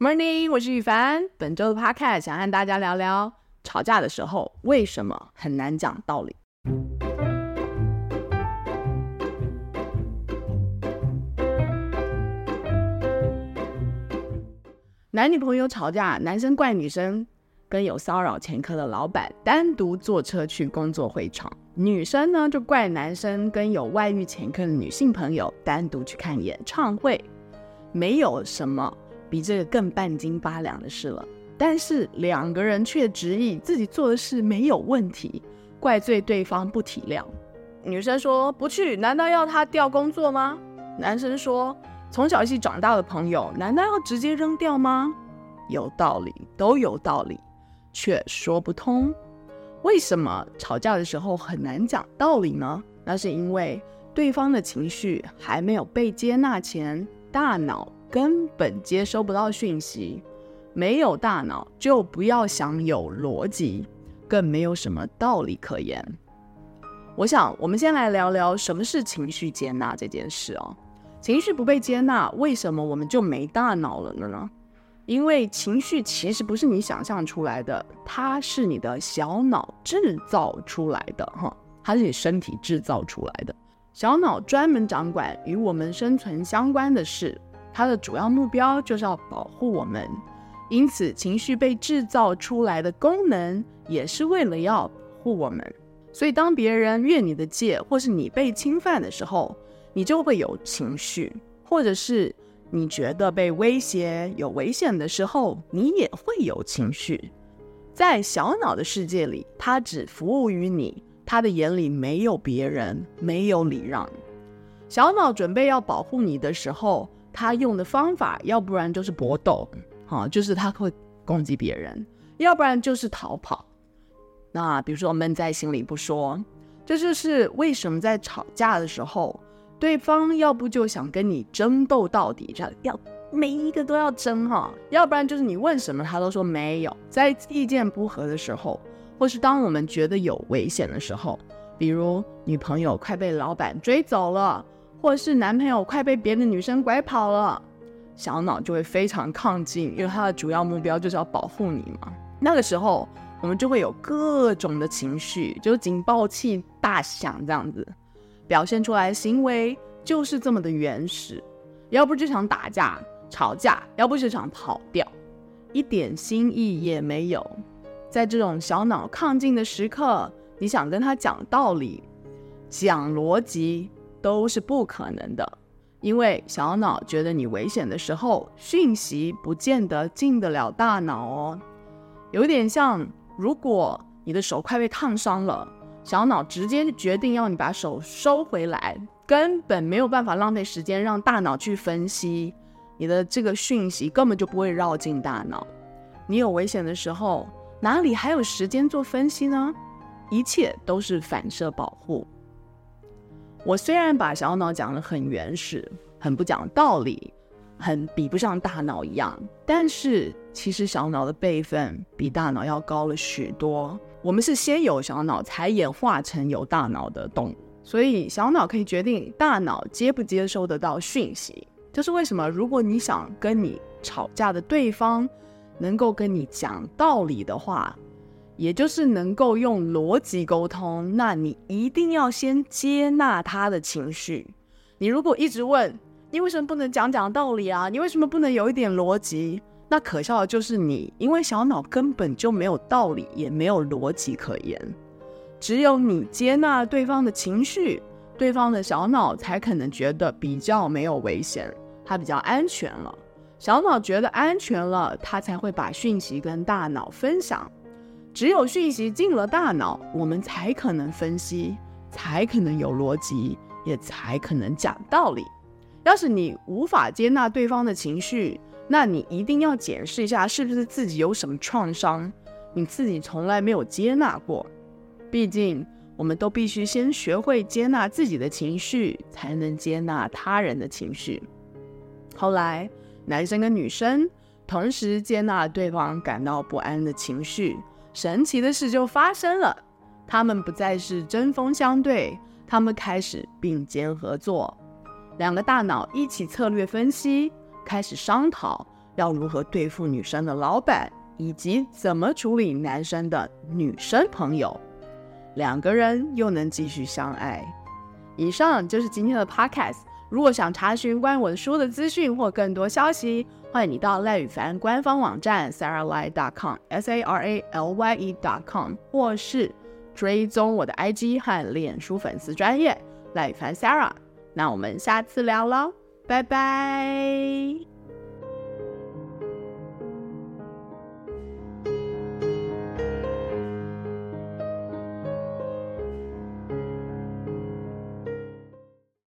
Morning，我是宇凡。本週的 podcast 想和大家聊聊吵架的時候，為什麼很難講道理。男女朋友吵架，男生怪女生跟有騷擾前科的老闆單獨坐車去工作會場，女生呢就怪男生跟有外遇前科的女性朋友單獨去看演唱會，沒有什麼。比這個更半斤八兩的事了，但是兩個人卻執意自己做的事沒有問題，怪罪對方不體諒。女生說不去，難道要他調工作嗎？男生說從小一起長大的朋友，難道要直接扔掉嗎？有道理，都有道理，卻說不通。為什麼吵架的時候很難講道理呢？那是因為對方的情緒還沒有被接納前，大腦根本接收不到訊息，沒有大腦就不要想有邏輯，更沒有什麼道理可言。我想，我們先來聊聊什麼是情緒接納這件事哦。情緒不被接納，為什麼我們就沒大腦了呢？因為情緒其實不是你想象出來的，它是你的小腦製造出來的，哈，它是你身體製造出來的。小腦專門掌管與我們生存相關的事，他的主要目標就是要保護我們，因此情緒被制造出來的功能也是為了要保護我們。所以，當別人越你的界，或是你被侵犯的時候，你就會有情緒；或者是你覺得被威脅、有危險的時候，你也會有情緒。在小腦的世界裡，它只服務於你，它的眼裡沒有別人，沒有禮讓。小腦準備要保護你的時候，他用的方法，要不然就是搏鬥，哈，就是他會攻擊別人；要不然就是逃跑，那比如說悶在心裡不說，這就是為什麼在吵架的時候，對方要不就想跟你爭鬥到底，這樣要每一個都要爭，哈；要不然就是你問什麼他都說沒有。在意見不合的時候，或是當我們覺得有危險的時候，比如女朋友快被老闆追走了。或是男朋友快被別的女生拐跑了，小腦就會非常抗拒，因為他的主要目標就是要保護你嘛。那個時候，我們就會有各種的情緒，就是警報器大響這樣子，表現出來的行為就是這麼的原始，要不就想打架吵架，要不就想跑掉，一點新意也沒有。在這種小腦抗拒的時刻，你想跟他講道理、講邏輯。都是不可能的，因為小腦覺得你危險的時候，訊息不見得進得了大腦哦。有點像，如果你的手快被燙傷了，小腦直接決定要你把手收回來，根本沒有辦法浪費時間讓大腦去分析。你的這個訊息根本就不會繞進大腦。你有危險的時候，哪裡還有時間做分析呢？一切都是反射保護。我雖然把小腦講得很原始、很不講道理、很比不上大腦一樣，但是其實小腦的輩分比大腦要高了許多。我們是先有小腦，才演化成有大腦的動物。所以小腦可以決定大腦接不接收得到訊息。這就是為什麼，如果你想跟你吵架的對方能夠跟你講道理的話。也就是能夠用邏輯溝通，那你一定要先接納他的情緒。你如果一直問你為什麼不能講講道理啊，你為什麼不能有一點邏輯？那可笑的就是你，因為小腦根本就沒有道理，也沒有邏輯可言。只有你接納對方的情緒，對方的小腦才可能覺得比較沒有危險，他比較安全了。小腦覺得安全了，他才會把訊息跟大腦分享。只有訊息進了大腦，我們才可能分析，才可能有邏輯，也才可能講道理。要是你無法接納對方的情緒，那你一定要檢視一下，是不是自己有什麼創傷，你自己從來沒有接納過。畢竟，我們都必須先學會接納自己的情緒，才能接納他人的情緒。後來，男生跟女生同時接納對方感到不安的情緒。神奇的事就發生了，他們不再是針鋒相對，他們開始並肩合作，兩個大腦一起策略分析，開始商討要如何對付女生的老闆，以及怎麼處理男生的女生朋友，兩個人又能繼續相愛。以上就是今天的 podcast。如果想查詢關於我的書的資訊或更多消息，歡迎你到賴宇凡官方網站 saralye.com s a r a l y e dot com 或是追蹤我的 IG 和臉書粉絲專頁。賴宇凡 Sara。那我們下次聊嘍，拜拜。